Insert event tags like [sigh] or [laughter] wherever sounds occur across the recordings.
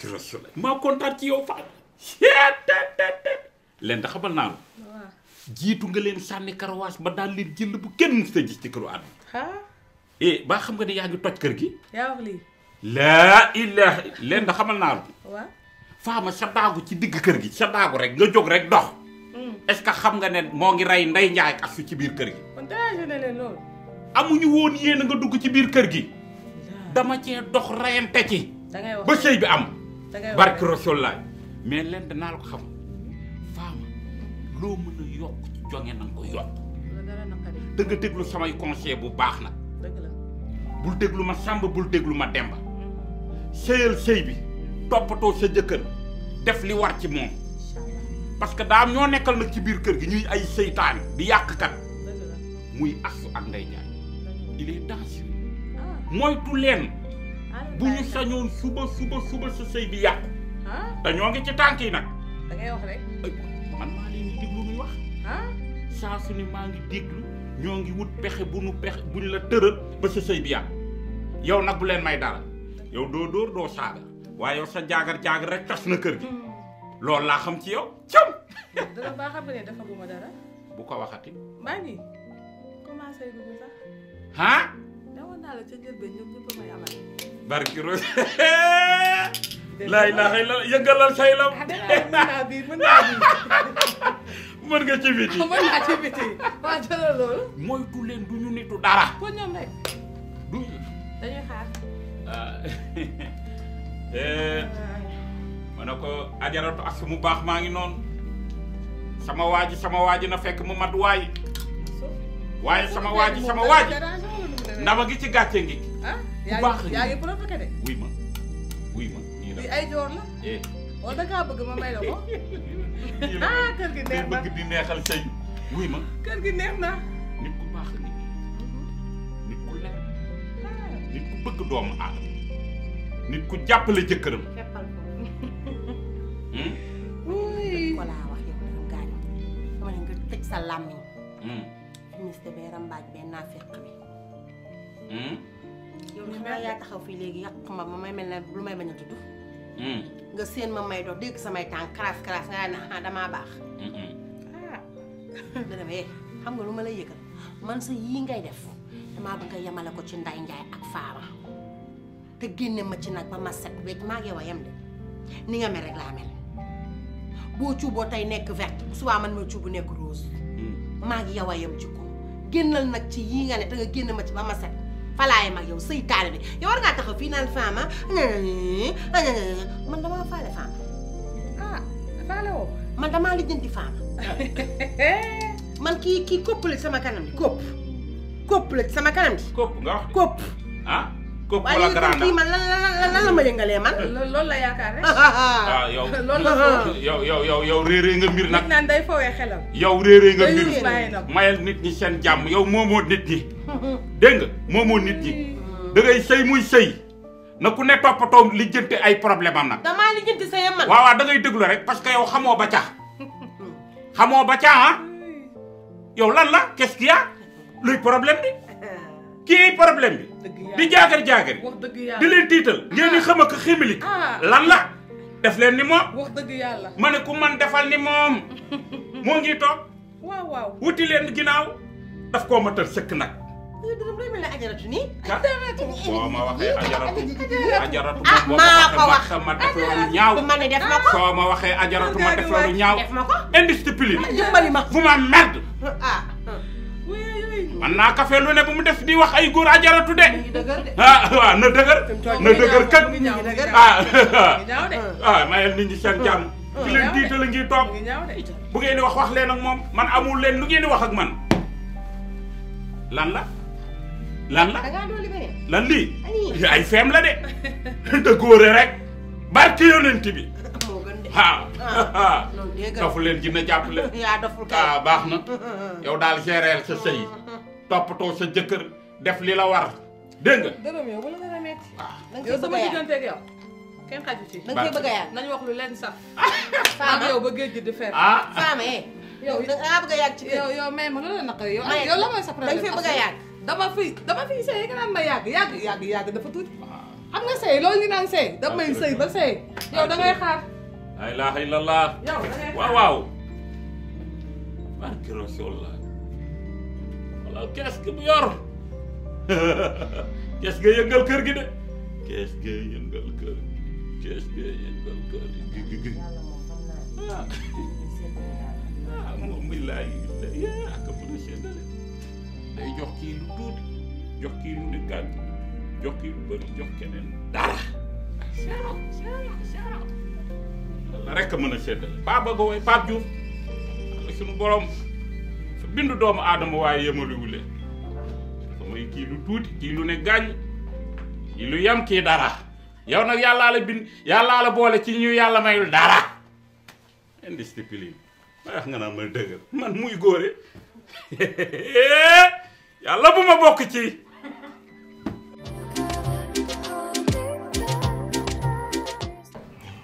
barki rasul maa kontaan ci yow Fall leen da xamal naa la jiitu nga leen sànni karawaas ba daal leen jël bu kenn mu sa gis ci këru àdduna eh baa xam nga ne yaa ngi toj kër gi laa ilaaha leen da xamal naa la faama sa daagu ci digg kër gi sa daagu rek nga jóg rek dox hmm. est-ce que xam nga ne moo ngi rey nday njaay ak asu ci biir kër gi kon dégg amuñu woon yéen a nga dugg ci biir kër gi dama cee dox reyante ci ba sëy bi am barke Rasulullah mais leen danaa la ko xam faama loo mën a yokk ci jonge na nga ko yokk da nga déglu samay conseil bu baax nag bul déglu ma sàmb bul déglu ma demba sëyal sëy bi toppatoo sa jëkkër def li war ci moom parce que daam ñoo nekkal nag ci biir kër gi ñuy ay seytaan di yàqkat muy asu ak nday jaay il est ah. mooy tu leen bu ñu sañoon suba suba suba sa sëy bi yàqu. te ngi ci tànk yi nag. da ngay wax rek. man maa leen di déglu ngi déglu ñoo ngi wut pexe bu nu ñu la tëral ba sa sëy bi yàqu yow nag bu leen may dara yow doo dóor doo saaga waaye yow sa jaagar jaagar rek tas na kër gi. Hmm. loolu laa xam ci yow cam. dana baax a bëri dafa guma dara. bu ko waxati. maa ngi commencé dugg sax. ah. dawoon naa la a barki ro na naa xëy la yëngalal say lam ah, leen du nitu dara ko ñoom rek ah. [laughs] eh, ak mu baax maa ngi noonu sama waaji sama waaji na fekk mu mat waay waaye sama waaji sama waaji ndama gi ci gàcce ngi ah? bu baax yaa ngi provoqué de. wuy ma wuy ma. lii ay joor la. wala eh. oh, da bëgg ma may la ko. [laughs] Ah, kër gi neex na bëgg di neexal sëñ. wuy ma kër gi neex na. nit ku baax nit mhm. nit ku lekk ah. nit ku bëgg doomu aadama nit ku jàppale jëkkëram. [laughs] Hmm? sa làmmiñ. ministre bi rambaaj bee naa bi. yow xanaa yaa taxaw fii léegi yàq ma ma may mel na lu may bañ a tudd. Hmm. nga seen ma may dox dégg samay tànk kalaas kalaas nga ne ah damaa baax. ah dana [laughs] ba eh, xam nga lu ma lay yëgal man sa yii ngay def damaa bëgg a yemale ko ci nday njaay ak faama te génne ma ci nag ba ma set wecc maa ngi yow a ni nga mel rek laa boo tey nekk vert suba man ma cuubu nekk rose hmm. maa yow a yem ci ko génnal nag ci yii nga ne te nga génne ma ci ba ma set. falaay mag yow sëy taale bi yow war ngaa taxaw fii naan femme ah, ah, ah, ah man damaa faale femme. ah faale woo. man damaa lijjanti femme. [laughs] man kii kii kopp sama kanam di kopp. sama kanam di. kopp nga kooku wala grande waaye man lan la ma yëngalee man. [laughs] loolu la yaakaar rek. waaw [laughs] ah, yow loolu la yow yow yow yow réeré nga mbir na nit naan day fowee yow réeré nga mbir mayal nit ñi seen jàmm yow moomoo nit ñi. [laughs] dégg moomoo nit ñi. Mm. da ngay sëy muy sëy na ku ne toppatoo lijjanti ay problème am nag. damaa lijjanti sëyam rek parce que yow xamoo ba caa. xamoo ba ca ah yow lan la quest luy problème bi. kii problème bi. di jaagar jaagar di leen tiital. Ah. ngeen di xam ak ximilik ah. lan la def leen ni moom. wax dëgg yàlla. ma ne ku man defal ni moom. [laughs] moo ngi toog. waaw waaw wuti leen ginnaaw. daf koo matal sëkk nag. boo ma waxee ajaratu ajaratu ah, boo ma waxee ma def loolu ñaaw soo ma waxee ajaratu ma def loolu ñaaw indiscipline fu ma merde. man naa kafe lu ne bu mu def di wax ay góor a jaratu de. ah na dëgër. na dëgër kat ah [laughs] ah mayal nit ñi seen ah. jàmm. Ah, ki leen tiital a ngi toog bu ngeen di wax wax leen ak moom man amul leen lu ngeen di wax ak man lan la. lan la lan lii ay feem la de da [laughs] góore rek barke yonent bi waaw dafu ah. [laughs] leen gën a jàppale ah baax na yow daal géreel sa sëy toppatoo sa jëkkër def li la war dégg nga. dërëm yow wala dana metti. waaw ah. yow sama digganteeg yow. kenn xaju ci. da nga cee bëgg a yàgg nañu wax lu leen sax. faama [laughs] yow ba géej gi di fer. ah faama eh. yow da ngaa bëgg a yàgg ci kër yow yow may ma loolu la naqari yow. yow la mooy sa problème da nga fee bëgg a yàgg. dama fi dama fi sëy nga naan ma yàgg yàgg yàgg yàgg dafa tuuti. Ah. xam nga sëy loolu ñu naan sëy da may sëy ba sëy yow da ngay xaar. la ilaha illallah. yow da ngay xaar waaw waaw. barke rasulullah waaw kees [laughs] gi mu yor kees ga yëngal kër gi de kees ga yëngal kër gi kees ga yëngal kër gi ah ah moom mi laay ak mën a séddale day jox kii lu tuuti jox kii lu dëkkaat jox kii lu bëri dara la rek a mën a séddale Pape Bago way Pape Diouf la suñu borom bindu doomu aadama waaye yemaluwu leen parce mooy kii lu tuuti kii lu ne gaañ kii lu yem kii dara yow nag yàllaa la bind yàllaa la boole ci ñu yàlla mayul dara indiscipline man muy góore [laughs] yàlla bu ma bokk ci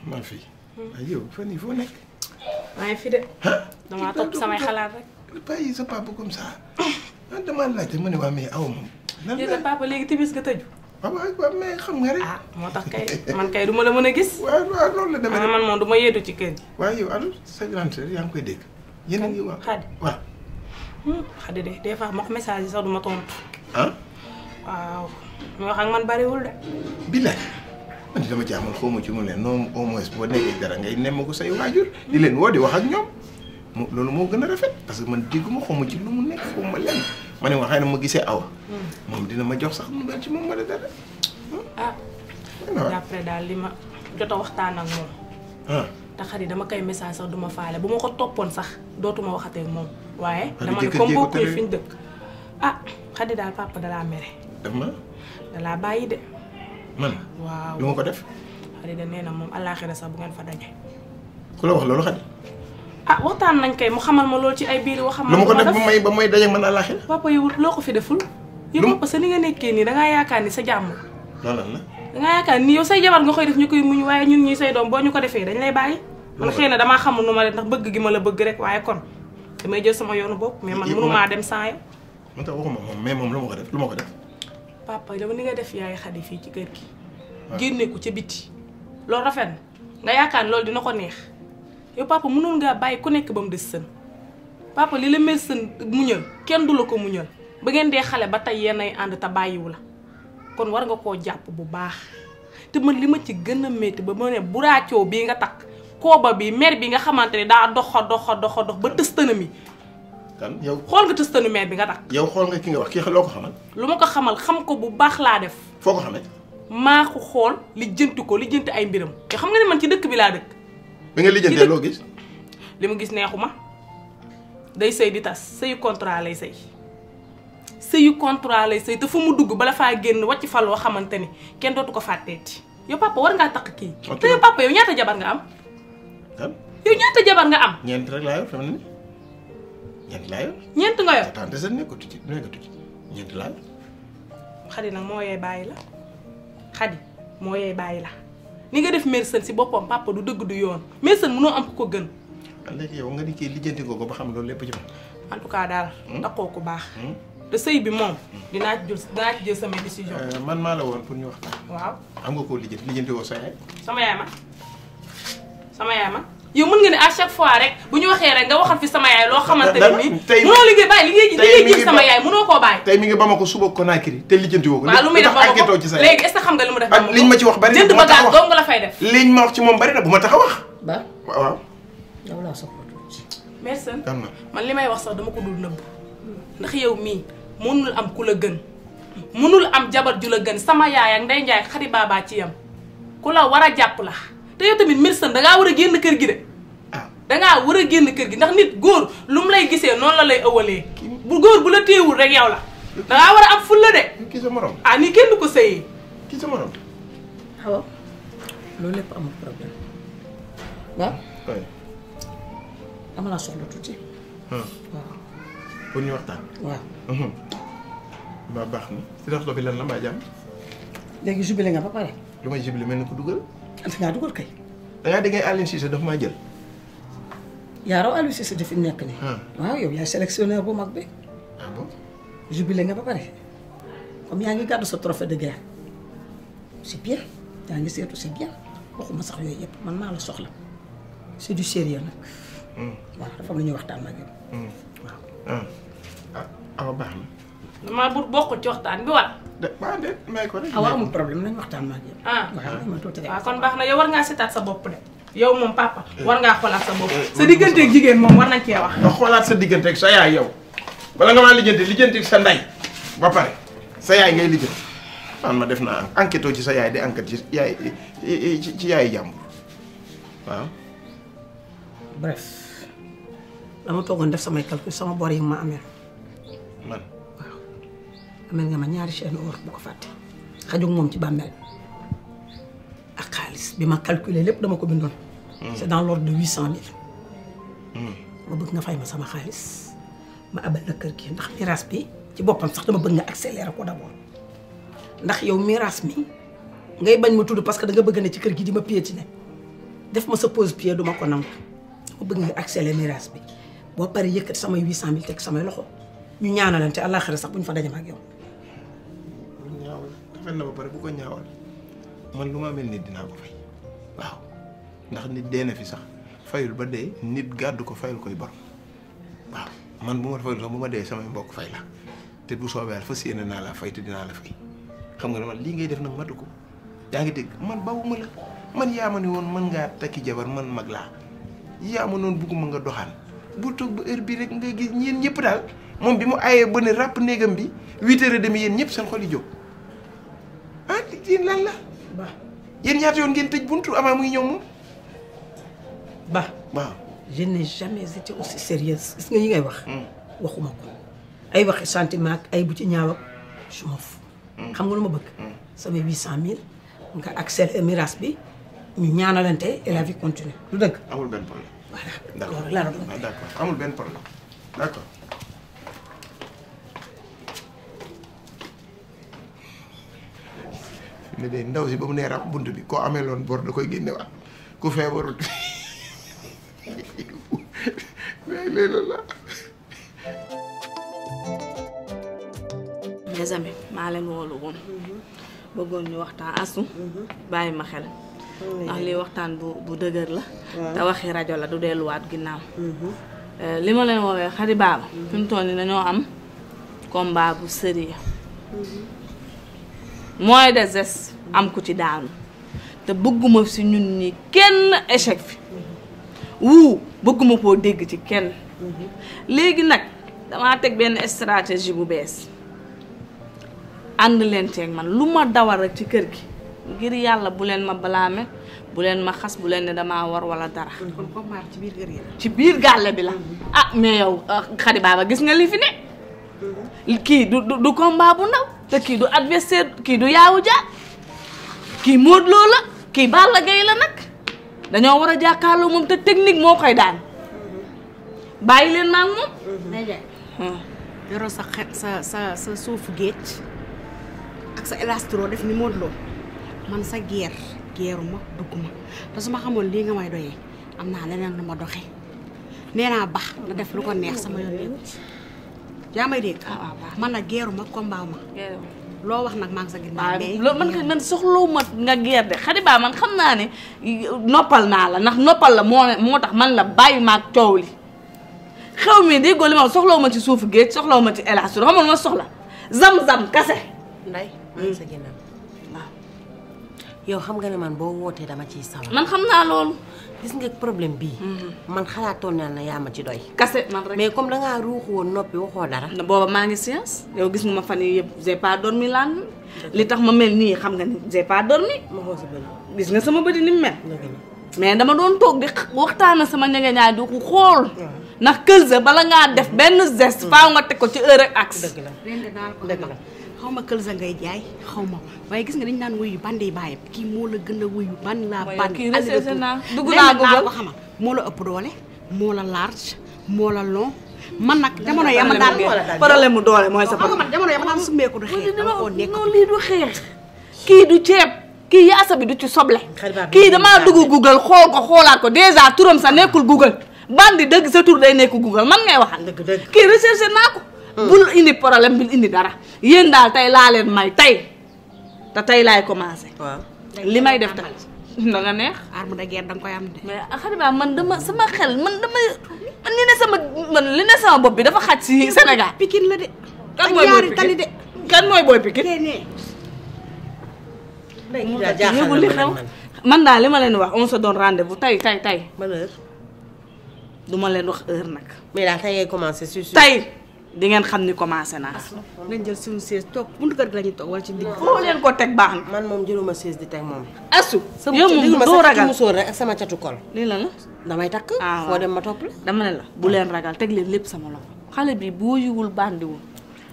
ma fii yow fan yi foo nekk maa ngi fi de damaa topp samay xalaat rek. bàyyi sa papa comme ça ah damaa laajte ma ne waa mais aw ma. lan la léegi timis nga tëju. waaw waaw mais xam nga rek. Ah, moo tax kay man kay du la mën a gis. [laughs] loolu la man moom du ma yéetu ci kër gi. waaw sa grande sœur yaa ngi koy dégg. yéen a ngi waaw xadi waaw. Hmm, xadi de fois ma ko message sax du ma tontu. ah. waaw. mu wax man bariwul de. billaay. man dama jaaxal xaw ma ci mu ne non au boo nekkee dara ngay nemm ko say waajur di leen woo di wax ak ñoom mu loolu moo gën a rafet parce que man dégguma xaw ma ci lu mu nekk xaw ma lenn ma ne ma xëy na ma gisee awa. dina ma jox sax mu mel ci ah. daal li ma waxtaan ak moom. Ah. dama koy message sax duma faale bu ma ko toppoon sax dootuma waxatee moom. waaye dama ne comme boo koy fi ñu dëkk. ah xarit daal papa dalaa mere. dama dalaa bàyyi de. man waaw lu ma ko def. xarida nee na moom àllaaxira sax bu ngeen fa daje. ku la wax loolu xadi. ah waxtaan nañ kay mu xamal ma loolu ci ay biir waxam. lu ma ko def ba may ba may daje man àllaaxira. papa yow loo ko fi deful. yow papa ni nga nekkee nii da yaakaar ni sa jàmm. loolu la. da ngaa say jabar nga koy def waaye ñun ñii say doom boo ñu ko defee dañ lay bàyyi. man xëy na damaa xamul nu ma def ndax bëgg gi ma la bëgg rek waaye kon damay jël sama yoonu bopp mais man mënu maa dem sans yow. man tax waxuma moom mais moom lu ma ko def lu ma ko def papa ma ni nga def yaay xadi fii ci kër gi. Ah. génne ko ca biti. loolu rafet na nga yaakaar loolu dina ko neex yow papa mënoon ngaa bàyyi ku nekk ba mu des sën papa li la mel sën muñal kenn du la ko muñal ba ngeen dee xale ba tey yéenay ànd te bàyyiwu la kon war nga koo jàpp bu baax te man li ma ci gën a métti ba mu ne buraacoo bii nga takk kooba bi mer bi nga xamante ne daa doxa doxa doxa dox ba tëstanam yi kan yow xool nga tëstanu meer bi nga takk. yow xool nga ki nga wax kii loo ko xamal. lu ma ko xamal xam ko bu baax laa def. foo ko xamee. maa ko xool lijjanti ko lijjanti ay mbiram. te xam nga ne man ci dëkk bi laa dëkk. bi nga lijjantee loo gis. li mu gis neexu ma day sëy di tas sëyu contrat lay sëy sëyu contrat lay sëy te fu mu dugg bala faa génn wàcc fa loo xamante ni kenn dootu ko fàtteeti yow papa war ngaa takk kii. te yow papa yow ñaata jabar nga am. yow ñaata nga am. ñeent ñeent laa yor. ñeent nga yor tante sa nekkatu ci nekkatu ci ñeent laa yor. xadi nag moo yee bàyyi la xadi moo yee bàyyi la ni nga def mersen si boppam papa du dëgg du yoon mersen mënoo am ku ko gën. Ah, léegi yow nga ni kii lijjanti ko ba xam loolu lépp ci en tout cas daal. Hmm? taxoo ko baax. Hmm? te sëy bi moom. Hmm. dinaa jël dinaa ci jël sama décision. Euh, man maa la woon pour ñu waxtaan. waaw am nga koo lijjanti lijjanti woo sa yaay. sama yaay ma sama yaay ma. yow mën nga ne à chaque fois rek bu ñu waxee rek nga waxal fi sama yaay loo xamante ne nii. tey munoo liggéey bàyyi li ngay jël sama yaay munoo koo bàyyi. tey mi te xam nga lu mu def. Bamako ah, ma ci wax bari a wax jënd bagage la fay ma bu ma tax wax. ba man li may wax sax dama ko dul nëbb ndax yow mii mënul am ku la gën mënul am jabar ju la gën sama yaay ak ndey njaay xari baabaa ci yam ku la war a jàpp la te yow tamit médecin dangaa war a génn kër gi de ah. dangaa war a génn kër gi ndax nit góor lu mu lay gisee noonu la lay ëwalee bu góor bu la téewul rek yow la dangaa war a am fulla de sa morom ah nii kenn ko sëyee kii sa morom waaw loolu lépp amul problème waaw dama laa soxla tuuti waaw pour ñu baax na si raxlo la mbaa jàmm léegi jubile nga ba pare lu may jubile mel ni ko dugal Anta ngaa dugal kay. da ngaa déggee Aliou Cissé daf maa jël. yaa raw Aliou Cissé dafi nekk nii. Hmm. waaw yow yaay sélectionneur bu mag bi. ah nga ba pare comme yaa ngi gàddu sa trophée de guerre si bien yaa ngi seetu c'est bien waxuma sax yooyu yëpp man maa la soxla c'est du sérieux nag. Hmm. waaw dafa am lu ñuy waxtaan ak yow. Hmm. Ah, baax damaa bu bokkul ci waxtaan bi wala. de waaw de ah, problème nañu waxtaan ma ak yow. a ah. waaw ah, kon na yow war ngaa seetaat sa bopp de. yow moom papa eh. war ngaa xoolaat sa bopp. Eh, sa digganteeg jigéen moom war nañ cee wax. nga xoolaat sa digganteeg sa yaay yow. wala nga maa lijjanti lijjanti sa ndey. ba pare sa yaay ngay lijjanti. man ma def naa enquête ci sa yaay di enquête ci yaay ci yaay def samay sama bor yi amel nga ma ñaari chaîne or bu ko fàtte xajug moom ci bàmmeel ak xaalis bi ma calculer lépp dama ko bindoon. Hmm. c'est dans l'ordre de huit cent mille. Hmm. ma bëgg nga fay ma sama xaalis ma abal la kër gi ndax miraas bi ci boppam sax dama bëgg nga accélérer ko d'abord ndax yow miraas mi ngay bañ ma tudd parce que da bëgg ne ci kër gi di ma piétiner def ma sa pose pied duma ko nangu ma bëgg nga accélérer miraas bi boo paree yëkkat samay huit cent mille teg samay loxo ñu ñaanalante àllaaxira sax bu ñu fa daje ma ak yow. rafet na ba pare bu ko ñaawal man lu ma mel nit dinaa ko fay waaw ndax nit dee na fi sax fayul ba dee nit gàdd ko fayul koy borom waaw man bu ma fayul sax ma dee samay mbokk fay la te du soobee yàlla fas yéene naa la fay te dinaa la fay xam nga ne man lii ngay def nag matu ko yaa ngi dégg man bawuma la man yaa ma ne woon mën ngaa takki jabar man mag laa yaa ma noonu bugguma nga doxaan bu toog ba heure bii rek nga gis ñeen ñëpp daal moom bi mu ayee ba ne ràpp néegam bi huit heures et demie ñëpp seen xol yi yéen lan la. ba yéen ñaata yoon ngeen tëj buntu avant muy ñëw moom. ba waaw je n'ai jamais été aussi sérieuse gis nga yi ngay wax. Hmm. waxuma ko ay wax sentiment ak ay bu ci ñaaw suma je m'en hmm. xam nga lu ma bëgg. Hmm. samay huit cent mille nga accès miraas bi ñu ñaanalante et la vie continue lu dëgg. amul benn problème. voilà d'accord loolu laa ne de ndaw si ba mu nee ràpp bunt bi koo amee loolu bor da koy génnewaat ku feebarut mais [laughs] léegi la. les maa leen woolu woon mm-hmm. bëggoon ñu waxtaan asu mm-hmm. bàyyi ma xel mm-hmm. ndax lii waxtaan bu bu dëgër la te waxi rajo la du delluwaat ginnaaw euh, li ma leen woowee xari baaba fi mu toll am combat bu sérieux moins de zeste am ku ci daanu te bëgguma si ñun nii kenn échec fi wuu bëgguma koo dégg ci kenn léegi nag damaa teg benn stratégie bu bees ànd leen teeg man lu ma dawar rek ci kër gi ngir yàlla bu leen ma balaame bu leen ma xas bu leen ne damaa war wala dara. kon ci biir kër gi ci biir gàlle bi la. Mhm. ah mais yow xadi ah, baaba gis nga lii fi ne. kii du du combat bu ndaw te kii du adversaire kii du yaawu jaar kii Modou Lo la kii Balla Gaye la nag dañoo war a jàkkaarloo moom te technique moo koy daan bàyyi leen maag moom. dajale. sa sa sa suuf suufu géej ak sa élastro def ni Modou man sa geer geeru ma dugg ma te su ma xamoon lii nga may doyee am naa leneen lu ma doxee nee naa baax na def lu ko neex sama yoon yaa may dégg. Ah, waaw waaw man nag geeru ma kombaaw ma. loo wax nag maa sa ginnaaw. mais loolu man kay man soxlawu ma nga geer de xadi baa man xam naa ne noppal naa la ndax noppal la moo tax man la bàyyi ma coow li. xew mi déggoo li ma soxlawu ma ci suufu géej soxlaw ma ci élaas xam nga ma soxla zam-zam kase. nday yow xam nga ne man boo wootee dama ciy sawar. man xam naa loolu. gis nga problème bii. Mm-hmm. man xalaatoon naa ne yaa ma ci doy. kase man rek mais comme da ngaa ruux woon noppi waxoo dara. booba maa ngi séance yow gis nga ma fan yii yëpp j'ai pas dormi lan li tax ma mel nii xam nga ni j'ai pas dormi. ma xool sa bëri gis nga sama bëri ni mu mel. mais dama doon toog di waxtaan sama ñege ñaay di xool. ndax Kër bala ngaa def benn geste. Mm. faaw nga teg ko ci heure ak axe. la. xaw ma kël ngay jaay xaw ma waaye gis nga dañ naan wuyu bande yi bàyyam kii moo la gën a wuyu ban laa ban dugg naa googal ko xama moo la ëpp doole moo la large moo la long man nag jamono yama daal problème mu doole mooy sa problème jamono yama daal summeeku du xeex dama ko nekk non lii du xeex du ceeb kii yaasa bi du ci soble kii damaa dugg google xool ko xoolaat ko dèjà turam sa nekkul google bandi dëgg sa tur day nekk google man ngay waxal dëgg dëgg kii recherché naa ko bul indi problème bul indi dara yéen daal tey laa leen may tey te tey laay commencé. li may def tamit da nga neex. arme de guerre da koy am de. mais xaribaa ah, man dama sama xel man dama man li ne sama man li ne sama bopp bi dafa xaj si Sénégal. pikin la de. kan mooy booy pikin de. kan mooy booy pikin. jaaxal li xew man daal li ma leen wax on se donne rendez bu tey tey tey. ban du ma leen wax heure nag. mais daal tey ngay commencé. tey. di ngeen xam ni commencé naa. nañ jël suñu chaise toog buntu kër gi la ñuy toog wala ci digg. foo leen ko teg baax na. man moom jëluma chaise di teg moom. asu yow moom doo ragal sama ragal ak sama catu kol. la la damay takk. moo ah, dem ma topp la. dama ne bu leen ragal teg leen lépp sama loxo. xale bi boo yiwul bandiwul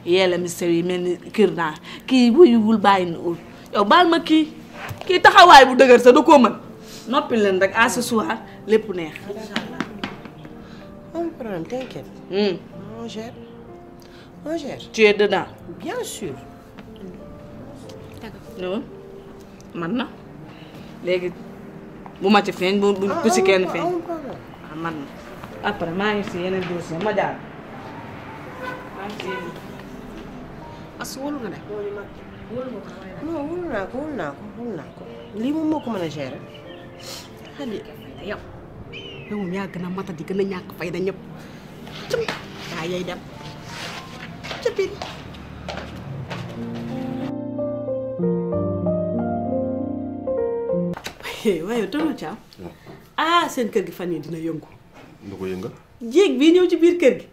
yeela mi sew yi mel ni kir naa kii boo yiwul bàyyi na ul yow baal ma kii kii taxawaay bu dëgër sa da koo mën noppi leen rek à ce soir lépp neex. incha on gère. tu es dedans. bien sûr. man na léegi bu ma ci feeñ bu bu ci ah, kenn feeñ. ah man na après maa ngi si yeneen dossier ma jaar. maa ngi si yeneen. as wóolu nga de. non wóolu naa ko wóolu naa ko lii moom moo a gën a mata di gën a ñàkk fayda ñëpp. waaw yay dem. จะบิน waaye tonton Thiam ah seen kër gi fan yi dina yëngu. lu ko yëngal. jéeg bii ñëw ci biir kër gi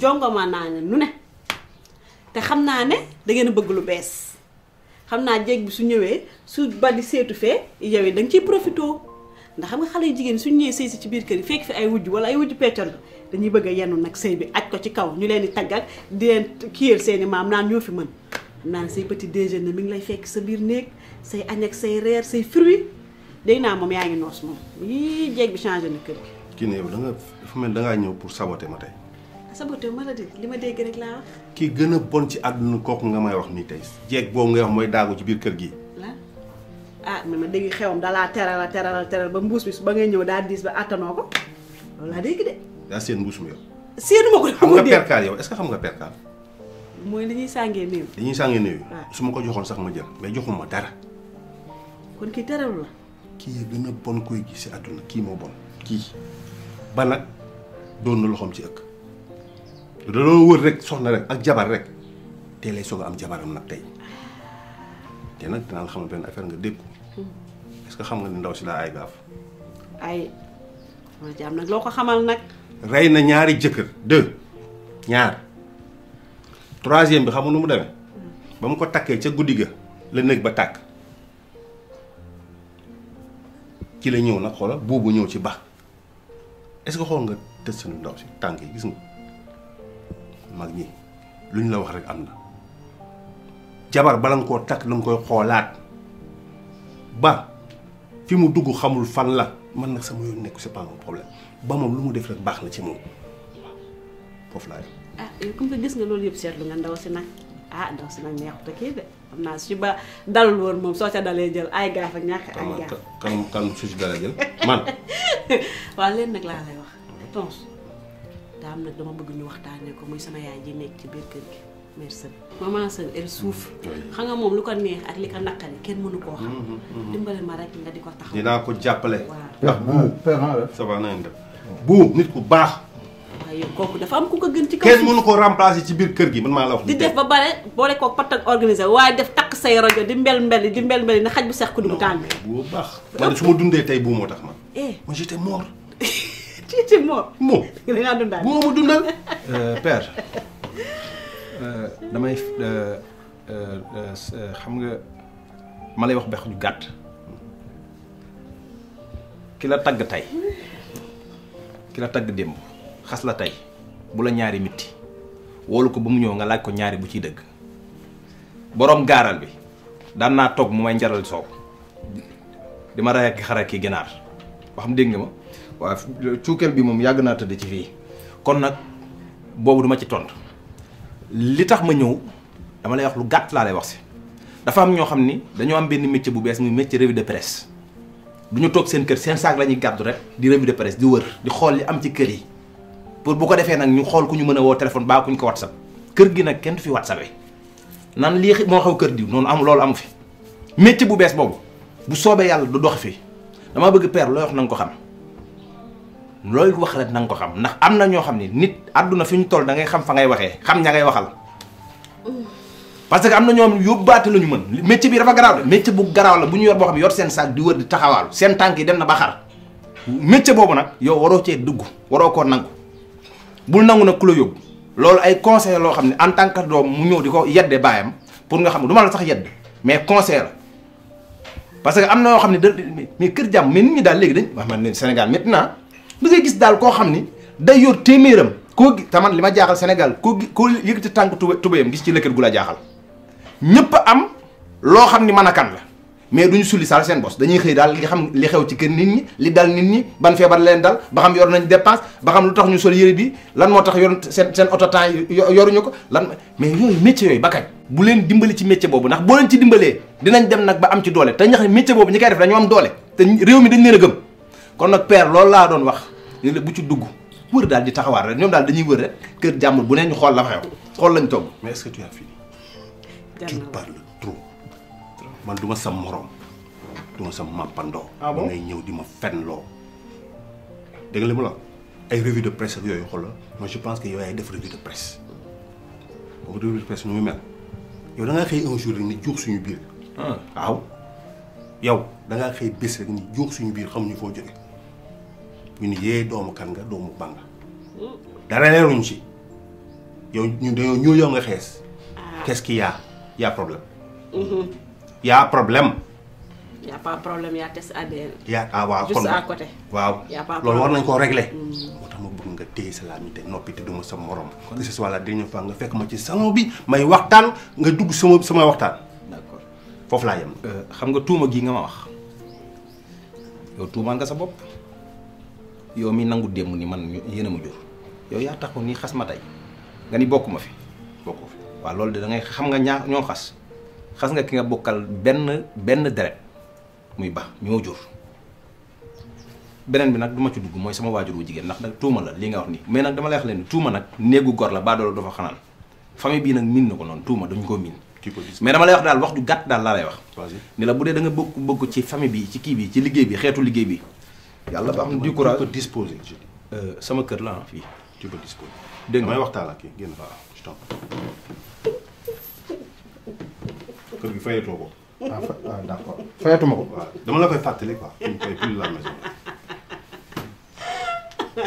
jongoma naa ne nu ne te xam naa ne dangeen a bëgg lu bees xam naa jéeg bi su ñëwee su bali seetu fee yow da nga ciy profité ndax xam nga xale yu jigéen su ñëwee sëy si ci biir kër yi fekk fi ay wujj wala ay wujj peccal la dañuy bëgg a yennu nag sëy bi aj ko ci kaw ñu leen di taggat di leen kiyal seeni maam naan ñoo fi mën naan say petit déjeuner mi ngi lay fekk sa biir néeg say añ say reer say fruit dégg naa moom yaa ngi noos moom yii jeeg bi changé na kër gi kii ne yow da nga dafa mel da ñëw pour saboter ma tey saboter ma la di li ma dégg rek laa wax kii gën a bon ci àdduna kooku nga may wax nii tey jeeg boobu ngay wax mooy daagu ci biir kër gi ah man ma dégg xewam dalaa teral a teral a teral ba mbuus bi ba ngay ñëw daal diis ba ko yaa seen mbuus mu yor. seenu ma ko de xam nga perkaal yow mooy li ñuy sàngee néew. li sàngee néew. Ah. su ma ko joxoon sax ma jël mais joxuma dara. kon kii teralu kii gën a bon koy gis si àdduna kii moo bon kii ba nag doon na loxoom ci ëkk da doon wër rek soxna rek ak jabar rek tey lay soog a am jabaram nag tey te nag dinaa la xamal benn affaire nga dégg ko hmm. est que xam nga ni ndaw si laa ay gaaf. ay loo ko xamal nag. rey na ñaari jëkkër deux ñaar troisième bi xamul nu mu demee ba mu ko takkee ca guddi ga la néeg ba tàkk ci la ñëw nag xoolal buubu ñëw ci ba est-ce xool nga tëj suñu ndaw si tànk yi gis nga mag ñi lu ñu la wax rek am na jabar bala nga koo takk danga koy xoolaat ba fi mu dugg xamul fan la man nag sama yoon nekku c'est pas mon problème ba moom lu mu def rek baax na ci moom waaw foofu laa yem. ah yow comme gis nga loolu yëpp lu nga ndaw si nag ah ndaw si nag neexut a xam naa si ba dalul woon moom soo ca dalee jël ay gaaf ak ñàkk ay gaaf. kan kan su si dalee jël man. [laughs] waaw leen nag laa lay wax. tons daa am nag dama bëgg ñu waxtaanee ko muy sama yaay ji nekk ci biir kër gi. mère Sène maman Sène elle mm, xam nga moom lu ko neex ak li ko naqari kenn mënu koo xam. Mm, mm, dimbale ma rek nga di ko taxaw. dinaa ko jàppale. waaw ndax ça bu nit ku baax. waaye kooku dafa am ku ko gën ci kaw. kenn mënu ko remplacer ci biir kër gi man maa la wax. di def ba bare boole kooku pat ak organisé waaye def takk say rajo di mbel mbel di mbel mbel na xaj bu sex ku dugg tàng. bu baax man su ma dundee tey bu moo tax man. eh man j'étais mort. j'étais [laughs] mort. moom. nga dundal ma dundal. Euh, père. Euh, damay euh, euh, xam nga ma lay wax bex ñu gàtt ki la tagg tey ki la tagg démb xas la tey bu la ñaari mitti woolu ko ba mu ñëw nga laaj ko ñaari bu ciy dëgg boroom gaaral bi daan naa toog mu may njaral soow di ma ray ak xara ki ginaar ba xam dégg nga ma waaw cuukeel bi moom yàgg naa tëdd ci fii kon nag boobu duma ci tontu. li tax ma ñëw dama lay wax lu gàtt laa lay wax si dafa am ñoo xam ni dañoo am benn métier bu bees muy métier revue de presse du ñu toog seen kër seen saag la ñuy gàddu rek di revue de presse di wër di xool li am ci kër yi pour bu ko defee nag ñu xool ku ñu mën a woo téléphone baa ku ñu ko whatsapp kër gi nag kenn du fi whatsappee nan lii moo xew kër diw noonu am loolu amu fi métier bu bees boobu bu soobee yàlla du dox fii dama bëgg per looy wax na ko xam. looy wax rek na nga ko xam ndax am na ñoo xam ne nit àdduna fi ñu toll da ngay xam fa ngay waxee xam ña ngay waxal. parce que am na ñoo yóbbaate la ñu mën métier bi dafa garaaw bu garaaw la bu ñu yor boo xam ne seen saak di wër di taxawaalu seen tànk yi dem na ba xar boobu nag yow waroo cee dugg waroo koo nangu bul nangu nag ku la loolu ay conseil loo xam ne en tant que doom mu ñëw ko yedde baayam pour nga xam ne du ma la sax yedd mais conseil la que am na yoo xam ne da kër jàmm mais nit ñi daal léegi dañ wax man Sénégal maintenant da ngay gis daal koo xam ni day yor téeméeram koo gi taman li ma jaaxal Sénégal koo gi koo yëkkati tànk tuba tubayam gis ci lëkkër gu la jaaxal ñëpp am loo xam ni mën a kan la mais duñu sulli saal seen bos dañuy xëy daal li xam li xew ci kër nit ñi li dal nit ñi ban feebar leen dal ba xam yor nañ dépense ba xam lu tax ñu sol yére bi lan moo tax yor seen seen oto temps yoruñu ko lan mais yooyu métier yooyu ba kañ bu leen dimbali ci métier boobu ndax boo leen ci dimbalee dinañ dem nag ba am ci doole te ñax métier boobu ñi koy def dañoo am doole te réew mi dañ leen a gëm kon nag père loolu laa doon wax léegi bu ci dugg wër daal di taxawaat rek ñoom daal dañuy wër rek kër jàmbur bu ne ñu xool la fa xew xool lañ togg. mais est-ce que tu as fini. man du ma sa moroom du ma sa mappandoo. ah ngay ñëw di ma fenloo. dégg nga li mu la ay revue de presse ak yooyu xoolal moi je pense que yow yaay def revue de presse boobu revue de presse nu muy mel yow da xëy un rek ni juux suñu biir. Ah. waaw yow dangaa xëy bés rek ni juux suñu biir xamuñu foo jógee. ñu ne yee doomu kan nga doomu ban dara leeruñ si yow ñu dañoo ñuul yow nga xees ah. qu'est-ce qu'il y problème mm-hmm. y a problème y a pas problème y a test ah, waaw à côté waaw loolu war nañ koo régler mm. moo tax ma bëgg nga téye sa laam yi te noppi te duma sa morom que ce soit la dernière fois nga fekk ma ci salon bi may waxtaan nga dugg sama sama waxtaan d'accord foofu laa yem euh, xam nga tuuma gi nga ma wax yow tuumaan nga sa bopp yow mi nangu démb ni man ñu a ma jur yow yaa taxu ni xas ma tey nga ni bokk ma fi bokkoo fi waaw loolu de da ngay xam nga ñaa ñoo xas xas nga ki nga bokkal benn benn deret muy bax mi ma jur beneen bi nag du ma ci dugg mooy sama waajur wu jigéen ndax nag tuuma la li nga wax nii mais nag dama lay wax leen tuuma nag néegu gor la baadoolo dafa xanaan famille bii nag miin na ko noonu tuuma dañu ko miin mais dama lay wax daal wax ju gàtt daal laa lay wax ni bu dee da nga bokk bokk ci famille bi ci kii bi ci liggéey bi xeetu liggéey bi yàlla baax na du courage tu peux disposer euh, sama kër la ah fii tu peux disposer. dégg waxtaan ak kii génn waaw kër gi fayatoo ko. ah fa ah d'accord fayatuma ko. dama la koy fàttali quoi. tu ne payes plus [laughs]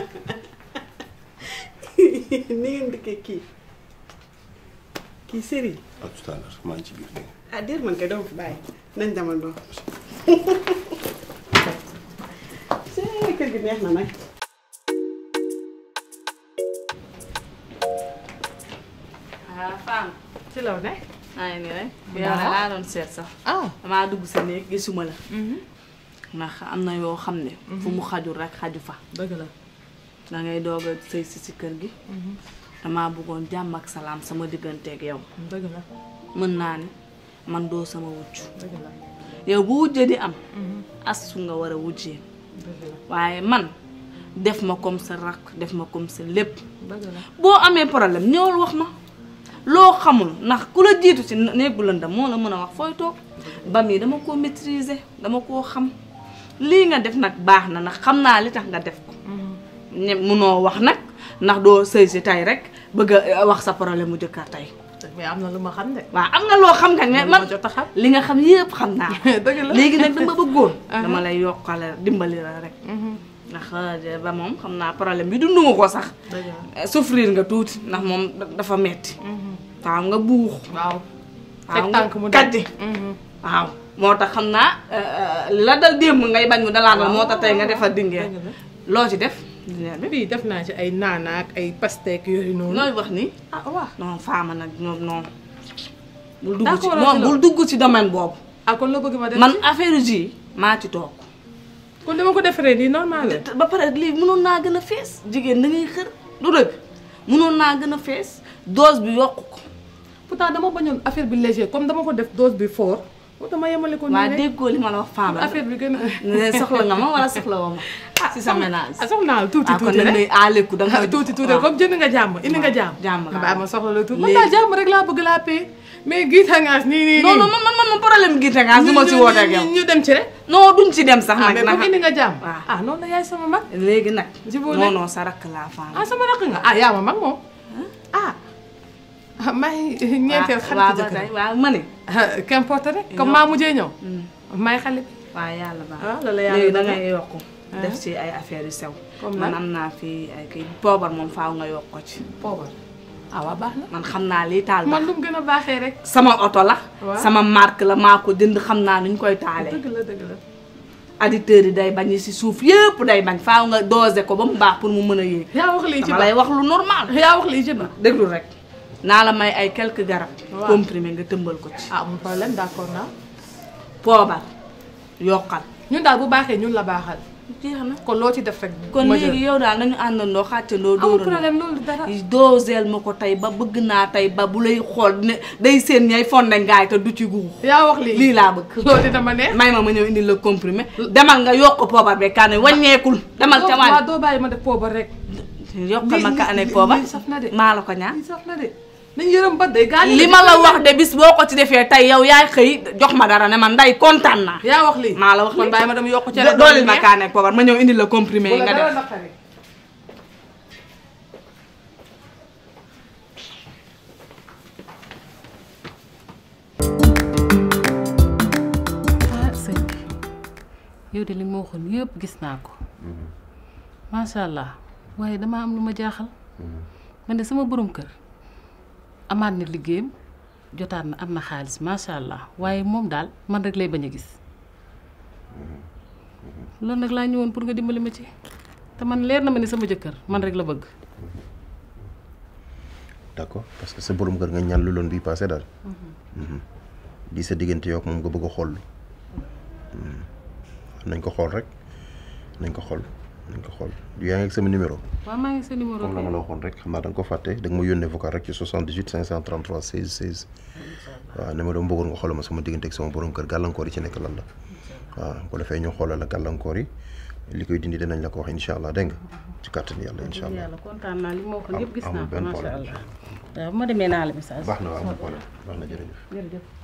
ni ngeen dëkkee kii kii Serigne. à tout à l'heure ci biir. ah déet man kay dama bàyyi nañ demandoo. [laughs] bi neex na ah, ci law ne. maa nii rek. bu yàlla doon seet sax. Ah. damaa dugg sa néeg gisuma la. Mhm. ndax am na yoo xam ne. Mhm. fu mu xajul rek xaju fa. dëgg la. da ngay doog a sëy si si kër gi. Mhm. damaa bëggoon jàmm ak salaam sama digganteek yow. dëgg mën naa ne man doo sama wujj. dëgg bu wujjee di am. as su nga war a wujjee. waaye man def ma comme sa rakk def ma comme sa lépp boo amee problème ñëwal wax ma loo xamul ndax ku la jiitu ci néegu moo la mën a wax fooy toog ba mii dama ko maîtriser dama koo xam lii nga def nag baax na ndax xam naa li tax nga def ko ñe mm-hmm. munoo wax nag ndax doo sëy si tey rek bëgg a wax sa problème mu jëkkër tey mais am na lu ma xam de. waaw am na loo xam nga ne man li nga xam yëpp xam naa. dëgg la léegi nag dama bëggoon. dama lay yokkale dimbali la rek. ndax ba moom xam naa problème bi dundu nga ko sax. souffrir nga tuuti ndax moom dafa metti waaw nga buux. waaw teg tànk mu kaddi waaw moo tax xam naa li la dal démb ngay bañ mu dalaa la moo tax tey nga defar dingee loo ci def. bii def naa ci ay naana ak ay pastèque yooyu noonu. looy wax ni ah waaw. non faama nag ñoom non. bul dugg ci moom ci domaine boobu. ah kon la bëgg ma def man affaire ji maa ci toog. kon dama ko defaree nii normal la. ba pare lii mënoon naa gën a fees jigéen da ngay xër du dëgg mënoon naa gën a fees dose bi yokku ko. pourtant dama bañoon affaire bi léger comme dama ko def dose bi fort. moo tax ma yemale ko. waaw ma la wax Famba. affaire bi gën a [laughs] soxla nga ma wala ma. sa [laughs] ah, ménage. ah soxla naa la tuuti ah, [laughs] ah, tuuti rek ah kon nga koy tuuti tuuti nga jàmm indi nga jàmm. jàmm la tuuti. léegi man daal jàmm rek laa bëgg laa paie. mais ma si woote ak yow. ñu dem ci rek. non dem sax nag. na mais indi nga jàmm. ah noonu la yaay sama mag. léegi nag. jubóo non non sa laa Famba. ah a rakk nga ah yaa ma mag moom [laughs] may maa ngi ñeenteel xarit jëkkër waaw ma ne. [laughs] qu'importe rek comme maa mujjee ñëw. Mm. may xale yàlla baax ah, la léegi da ngay yokk ah. def ci ay affaire yu sew. comme man am naa fi kii poobar moom faaw nga yokk ko ci. poobar ah waaw baax man xam naa lii taal man lu gën a baaxee rek. sama oto la. sama marque la maa ko jënd xam naa nuñ koy taalee. dëgg la dëgg la. auditeurs yi day bañ si suuf yëpp day bañ faaw nga doser ko ba mu baax pour mu mën a yéeg. yaa wax lii ci ba lay wax lu normal. yaa wax lii ci déglu rek. naa la may ay quelques garab. comprimé nga tëmbal ko ci. ah amul problème d'accord poobar yokkal. ñun daal bu baaxee ñun la baaxal. jeex na kon loo ci def rek. kon léegi yow daal nañu àndandoo xàccandoo. amul problème loolu ma ko tey ba bëgg naa tey ba bu xool ne day seen ñay fonde ngaay te du ci guub. yaa lii lii laa bëgg. loolu dama may ma ma ñëw indi la comprimé. demal nga yokk poobar beeg kaane wàññeekul. demal ca waaw doo bàyyi ma def poobar rek. yokkal ma kaane poobar maa la ko ñaan. nañ yërëm ba day gaañ li ma la wax de bis boo ko ci defee tey yow yaa xëy jox ma dara ne man nday kontaan naa. yaa wax lii la wax man bàyyi ma dem yokku cere doole ma kaa nekk poobar ma ñëw indi la comprimé yi nga def ah, yow de li ma waxoon yëpp gis naa ko mm-hmm. macha allah waaye dama am lu ma jaaxal mm-hmm. man de sama borom kër. amaat na liggéeyam jotaat na am na xaalis macha allah waaye moom daal man rek lay bañ a gis loolu nag laa ñëwoon pour nga dimbali ma ci te man leer na ma ne sama jëkkër man rek la bëgg. d'accord parce que sa borom kër nga ñaan lu loon bii passé daal. Mhm. Mhm. di sa diggante yook moom nga bëgg a xool mhm. nañ ko xool rek nañ ko xool. nañ ko xool yaa ngi sama numéro. waaw la ma la rek xam naa da ko fàtte da ma yónnee vocal rek ci 78 533 16 16. waaw numéro mu bëggoon nga xoolal ma sama diggante ak sama borom kër gàllankoor yi ci nekk lan la. waaw bu defee ñu xoolal la li koy dindi dinañ la ko wax incha allah dégg nga mm-hmm. ci kàttan yàlla incha allah yàlla ma demee naa la message. baax na waaw amul problème baax na jërëjëf. jërëjëf.